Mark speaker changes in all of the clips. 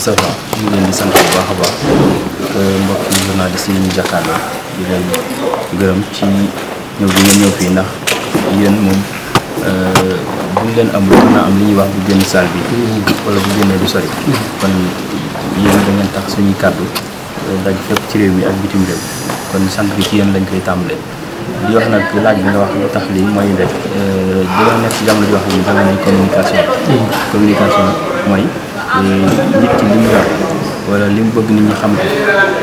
Speaker 1: Moustapha ñu leen di sant bu baax a baax mbokk journaliste yi ñu jàkkaarloo di leen gërëm ci ñëw bi ngeen ñëw fii ndax yéen moom eh, buñ leen amul mën am li ñuy wax bu génn saal bi wala bu génnee du sori kon yéen da ngeen tax suñuy kàddu daj eh, fépp ci réew mi ak bitim réew kon sant bi ci yéen lañ koy tàmbalee di wax nag laaj bi nga wax lu tax lii mooy rek dina nekk ci jamono ji wax ni jamono communication communication mooy nit ki li mu yor wala li bëgg nit ñi xam ko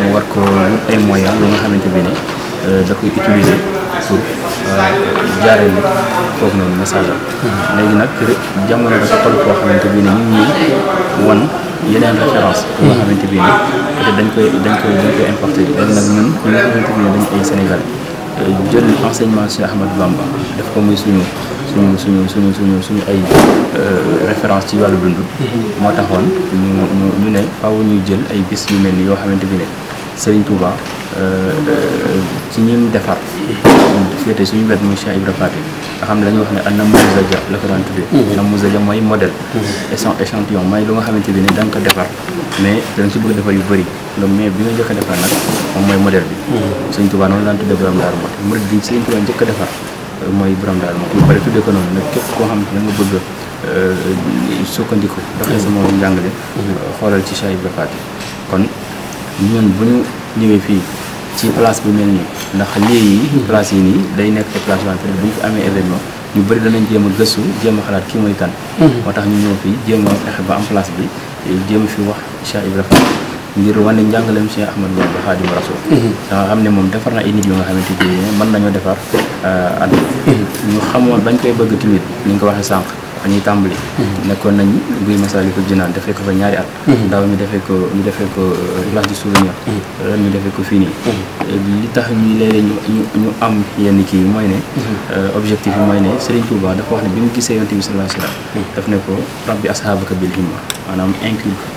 Speaker 1: mu war ko wut ay moyens lu nga xamante bi ne euh, da koy utiliser pour euh, jaaree nit foofu noonu message am léegi nag jamono dafa toll koo xamante bi ne ñu yeneen référence bu nga xamante bi ne dañ koy dañ koy dañ koy importé nag ay Sénégal euh, jël enseignement Cheikh Ahmadou Bamba def ko muy suñu suñu suñu suñu suñu suñu ay euh, référence ci wàllu dund mm-hmm. moo taxoon ñu ñu ne faaw ñuy jël ay bis yu mel ni yoo xamante bi ne Serigne Touba euh, euh, ci ñun defar mm-hmm. féete suñu wet muy Cheikh Ibra Faty nga xam ne la ñu wax ne an namuzaja la ko daan tuddee mm-hmm. namuzaja mooy modèle échantillon mooy lu xamante bi ne da nga ko defar mais da nga si bëgg defar yu bëri loolu mais bi nga njëkk a defar nag moom mooy modèle bi Serigne Touba noonu la daan tuddee borom Daaru Muxti murid bi Serigne Touba njëkk a defar mooy borom daal moom bu paree tuddee ko noonu nag képp koo xam ne nga bëgg euh, sukkandiku. doxee sama njàngale. Mm-hmm. xoolal ci Cheikh Ibra Faty kon ñu ñëwee fii ci place bu mel nii ndax lii yi mm-hmm. place yi nii day nekk ay place wante bu ñu fi amee événement ñu bëri danañ jéem a gëstu jéem xalaat kii mooy kan. Mm-hmm. moo tax ñu ñëw fii jéem a ba am place bi jéem fi wax Cheikh Ibra Faty ngir wane njàngaleem Cheikh Ahmad Bamba Xaadimu Rasuul mhm. nga xam ne moom defar na ay nit yu nga xamante ni mën nañoo defar àdduna euh, mhm. ñu xamoon bañ koy bëgg tamit ni ngi ko waxee sànq fa tàmbali mhm. nekkoon nañ buy Masaalikul Jinaan defee ko fa ñaari at daaw ñu defee ko ñu defee ko place euh, du souvenir ren ñu defee ko fii nii li tax ñu léeg-léeg ñu ñu am yenn kii mooy ne euh, objectif yi mooy ne Serigne Touba dafa wax ne bi mu gisee yonent bi sallallahu alayhi wa sallam ko ne ko rabbi ashaabaka bil himma maanaam inculque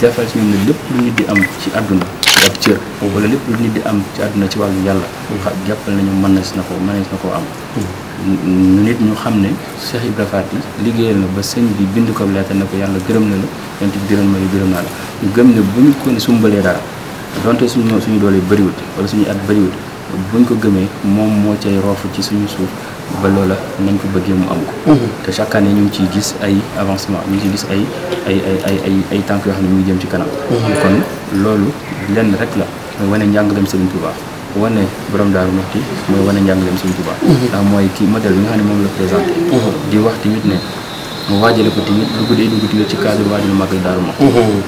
Speaker 1: jafal si ñoom ne lépp lu nit di am ci àdduna ci ab cër wala lépp lu nit di am ci àdduna ci wàllu yàlla jàppal nañu mënees na ko mënees na koo am nit ñu xam ne Cheikh Ibra yi liggéeyal na ba sëñ bi bind ko leetar ne ko yàlla gërëm na la yonent bi gërëm na la ñu gëm ne bu ñu ko ne sumbalee dara donte suñu suñu doole bëriwut wala suñu at bëriwut buñ ko gëmee moom moo cay roofu ci suñu suuf ba loola nañ ko bëggee mu am ko. Mhm. te chaque année ñu ngi ciy gis ay avancement ñu ngi ciy gis ay ay ay ay ay tànk yoo xam ngi jëm ci kanam. Mhm. kon loolu lenn rek la mooy wane njàngaleem Serigne Touba wane borom Daaru Muxti mooy wane njàngaleem Serigne Touba. Mhm. ndax mooy kii modèle bi nga xam ne moom la présenté. di wax tamit ne. mu waajale ko tamit lu ko dee dugg tamit ci cadre waajal màggal Daaru Muxti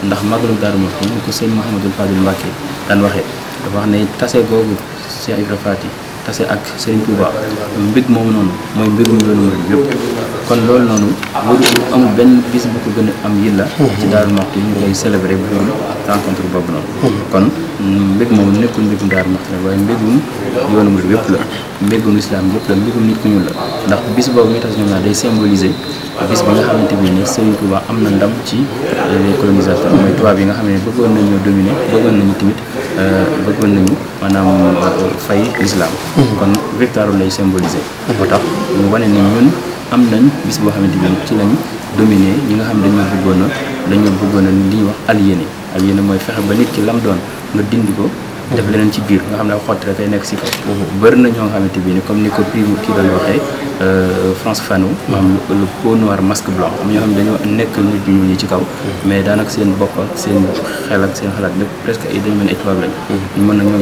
Speaker 1: ndax màggalu Daaru Muxti ni ko sëñ Mouhamadou Fadil Mbacke daan waxee dafa wax ne tase googu Cheikh Ibra Fati tase ak Serigne Touba mbég moomu noonu mooy mbégum yoonu mooy yëpp kon loolu noonu waru amul benn bis bu ko gën a am yilla mhm. ci Daaru Muxti ñu koy célébrer bu rencontre boobu noonu mhm. kon mbég moom nekkul mbégum Daaru Muxti waaye mbégum yoonu murid yëpp la mbégum lislaam yëpp la mbégum nit ñun la ndax bis boobu ñu tas ñoom naa day symboliser bis bi nga xamante bi ni Sëriñ Tuubaa am na ndam ci les euh, colonisateurs mooy tubaab yi nga xam ne bëggoon nañu dominer bëggoon nañu tamit euh, bëggoon nañu maanaam euh, fay lislaam mhm. kon victoire lay symboliser moo tax ñu wane ne ñun am nañ bis boo xamante bi ci lañ dominer ñi nga xam ne dañoo bëggoon a dañoo bëggoon a li ñuy wax aliéné aliéné mooy fexe ba nit ki lam doon nga dindi ko. def leneen ci biir nga xam ne xott rekk ay nekk si kaw. bëri na ñoo xamante bi ni comme ni ko prix kii doon waxee euh, France Fanon. maanaam le peau noire masque blanc am ñoo xam ne nekk ñi ci kaw. mais daanaka seen bopp ak seen xel ak seen xalaat lépp presque dañu mel ni ay tubaab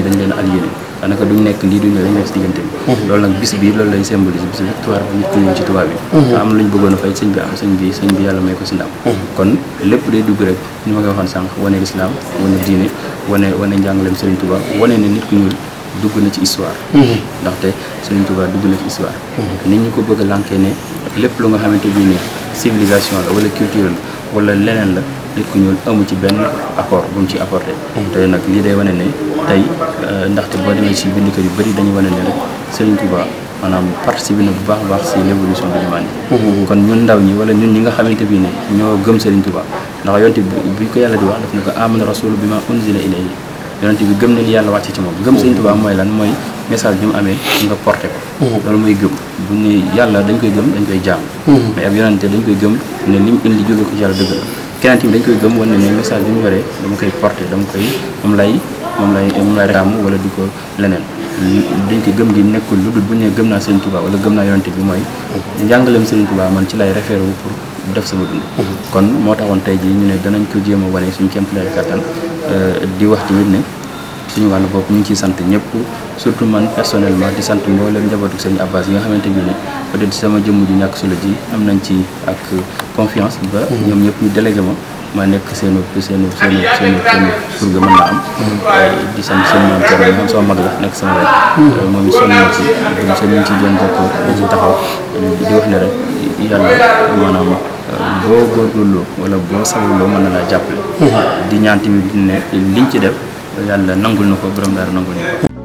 Speaker 1: dañ leen aliéné daanaka duñ nekk lii duñ ne dañ nekk si diggante bi. Mhm. loolu nag bis bii loolu lay symbolise bis victoire bi nit ñi ci tubaab bi. Mhm. am luñ bëggoon fay sëñ bi am sëñ bi yàlla may ko si ndam. Mhm. kon lépp day dugg rek. ni ma koy waxoon sànq wane lislaam wane diine wane wane njàngaleem Serigne Touba wane ni nit ku ñuul dugg na ci histoire. Mhm. ndaxte Serigne Touba dugg na ci histoire. Mhm. nit ñi ko bëgg a lànkee ne lépp lu nga xamante bi ne civilisation la wala culture la wala leneen la nit ku ñuul amu ci benn apport bu mu ci apporté. Mhm. te nag lii day wane ne tey euh, ndaxte boo demee si bindikat yu bëri dañuy wane ne rek Serigne maanaam participer na bu baax a baax si l'évolution de l'humanité kon ñun ndaw ñi wala ñun ñi nga xamante bi ne ñoo gëm Serigne Touba ndax yonte bi ko yàlla di wax daf ne ko amana rasul bi ma unzila ilayhi yonente bi gëm gëm Serigne Touba mooy lan mooy message bi mu amee nga porté ko mhm. loolu mooy gëm bu ne yàlla dañ koy gëm dañ koy jaam mhm. mais ab yonente dañ koy gëm ne li mu indi jóge ko ci yàlla dëgg keneen tamit dañ koy gëm woon ne ne message bi mu yoree dama koy porté dama koy moom lay moom lay moom lay raamu wala di ko leneen duñ ko gëm gi nekkul lu dul bu ñu gëm naa Serigne Touba wala gëm naa yonante bi mooy njàngaleem Serigne Touba man ci lay référé wu pour def sama dund mhm. kon moo taxoon tey jii ñu ne danañ ko jéem a wane suñu kéemtalaay kattan euh, di wax tamit ni suñu wàllu bopp ñu ngi ciy sant ñëpp surtout man personnellement di sant mboolem njabootu Serigne Abbas yi nga xamante bi ne peut-être sama jëmm ju ñàkk solo ji am nañ ci ak confiance ba mhm. ñoom ñëpp ñu délégué ma ma nekk seenu seenu seenu seenu seenu surga mën naa am. di sant seen mag la nekk sama wet. moom it sonn nañ ci ci doon bokk ñu ci taxaw di wax ne rek yàlla maanaam euh, boo góorgóorloo wala boo sabuloo mën na laa jàppale. Hmm. di ñaan tamit ne liñ ci def yàlla nangul na ko borom nangul na ko.